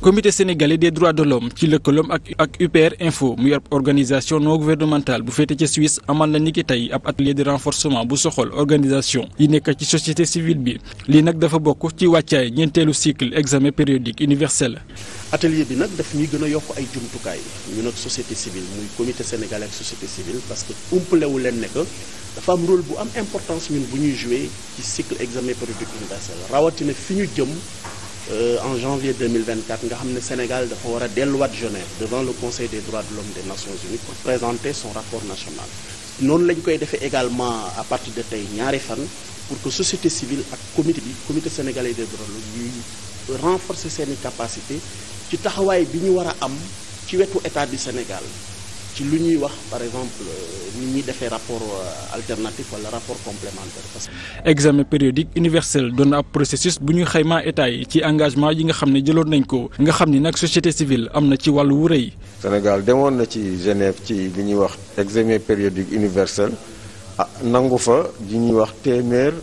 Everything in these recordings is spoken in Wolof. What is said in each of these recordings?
comité sénégalais de droits de l'homme ci lëkkaloom ak ak UPR info mu yor organisation non gouvernementale bu féete ca Suisse amal na niki tey ab atelier de renforcement bu soxol organisation yi nekk ci société civile bi lii nag dafa bokk ci wàccaay ñeenteelu cycle examen périodique universel. atelier bi nag daf ñuy gën a yokk ay jumtukaay ñu nag société civile muy comité sénégalais ak société civile parce que umpalewu leen ne que dafa am rôle bu am importance bu ñuy joué cycle examen périodique rawatina fi ñu jëm. Euh, en janvier 2024 nga xam ne Sénégal dafa war a delluwaat Genève devant le Conseil des droits de l'homme des Nations Unies pour présenter son rapport national noonu lañ koy defee également à partir de tey ñaari fan pour que société civile ak comité bi comité sénégalais des droits de l'homme ñuy renforcer seeni capacité ci taxawaay bi ñu war a am ci wetu état du Sénégal ci lu ñuy wax par exemple euh, ni ñuy defee rapport euh, alternatif wala rapport complémentaire. examen périodique universel doon na ab processus bu ñu xaymaa état yi ci engagement yi nga xam ne jëloon nañ ko nga xam ni nag société civile am na ci wàllu wu rëy. Sénégal demoon na ci Genève ci li ñuy wax examen périodique universel ah nangu fa li ñuy wax téeméer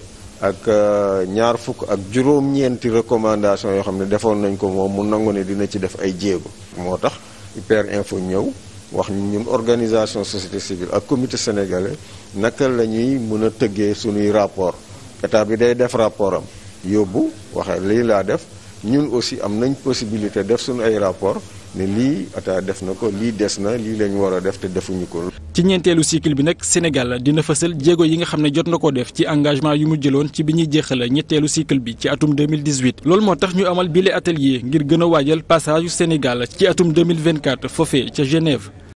ak euh, ñaar fukk ak juróom-ñeenti recommandation yoo xam ne defoon nañ ko moom mu nangu ne dina ci def ay jéego tax hyper info ñëw. wax ñun organisation société civile ak comité sénégalais naka la ñuy mën a tëggee suñuy rapport état bi day def rapport am yóbbu waxe lii laa def ñun aussi am nañ possibilité def suñu ay rapport ne lii état def na ko lii des na lii lañ war a def te defuñu ko. ci ñeenteelu cycle bi nag Sénégal dina fësal jéego yi nga xam ne jot na ko def ci engagement yu mu jëloon ci bi ñuy jeexal ñetteelu cycle bi ci atum 2018 loolu moo tax ñu amal bile atelier ngir gën a waajal passage yu Sénégal ci atum 2024 foofee ca Genève.